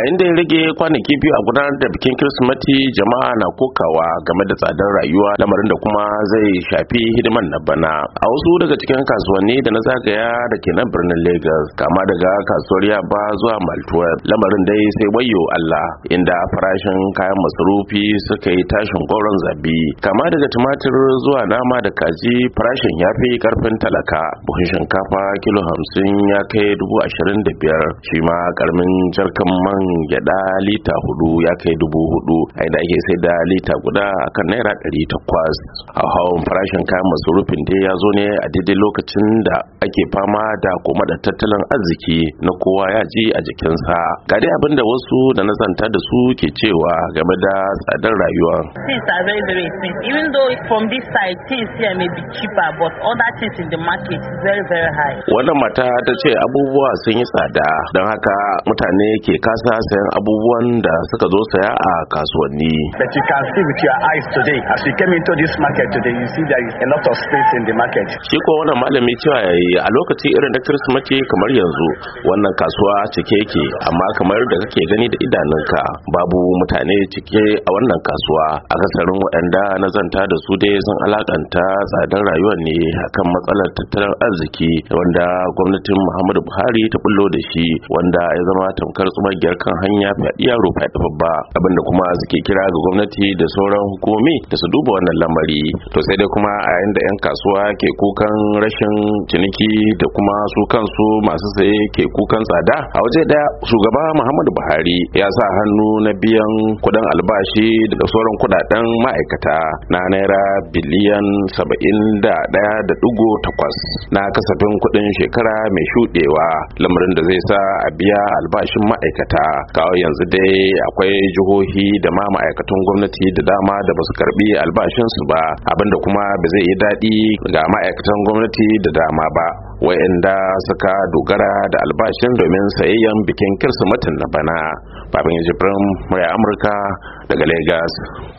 yayin da ya rage kwanaki biyu a gudanar da bikin kirsimati jama'a na kokawa game da tsadar rayuwa lamarin da kuma zai shafi hidiman na bana a wasu daga cikin kasuwanni da na zagaya da ke nan birnin lagos kama daga kasuwar yaba zuwa maltuwar lamarin dai sai wayo allah inda farashin kayan masarufi suka yi tashin goron zabi kama daga tumatir zuwa nama da kaji farashin ya fi karfin talaka buhun shinkafa kilo hamsin ya kai dubu ashirin da biyar shi ma karamin jarkan man gyada lita hudu ya kai dubu hudu a inda ake sai da lita guda akan naira ɗari takwas a hawan farashin kayan masarufin dai ya zo ne a daidai lokacin da ake fama da kuma da tattalin arziki na kowa ya ji a jikinsa ga dai abin da wasu da na zanta da su ke cewa game da tsadar rayuwa things are very very expensive even though from this side things here may be cheaper but other things in the market is very very high wannan mata ta ce abubuwa sun yi tsada don haka mutane ke kasa matasa sayan abubuwan da suka zo saya a kasuwanni. But you can see with your eyes today as you came into this market today you see there is a lot of space in the market. Shi ko wannan malami cewa yayi a lokaci irin na ke kamar yanzu wannan kasuwa cike yake amma kamar da kake gani da idanunka babu mutane cike a wannan kasuwa a akasarin waɗanda na zanta da su dai sun alakanta tsadar rayuwa ne akan matsalar tattalin arziki wanda gwamnatin Muhammadu Buhari ta bullo da shi wanda ya zama tamkar tsumagiyar kan hanya faɗi yaro faɗi babba abinda kuma suke kira ga gwamnati da sauran hukumomi da su duba wannan lamari to sai dai kuma a yayin da 'yan kasuwa ke kukan rashin ciniki da kuma su kansu masu saye ke kukan tsada a waje daya shugaba muhammadu buhari ya sa hannu na biyan kudin albashi da sauran kudaden ma'aikata na naira biliyan saba'in da daya da dugo takwas na kasafin kudin shekara mai shuɗewa lamarin da zai sa a biya albashin ma'aikata kawo yanzu dai akwai jihohi da ma ma'aikatan gwamnati da dama da basu karbi albashinsu ba abinda kuma ba zai yi daɗi ga ma'aikatan gwamnati da dama ba wa'inda suka dogara da albashin domin sayayyan bikin kirsimatin na bana babin jibrin mai amurka daga lagos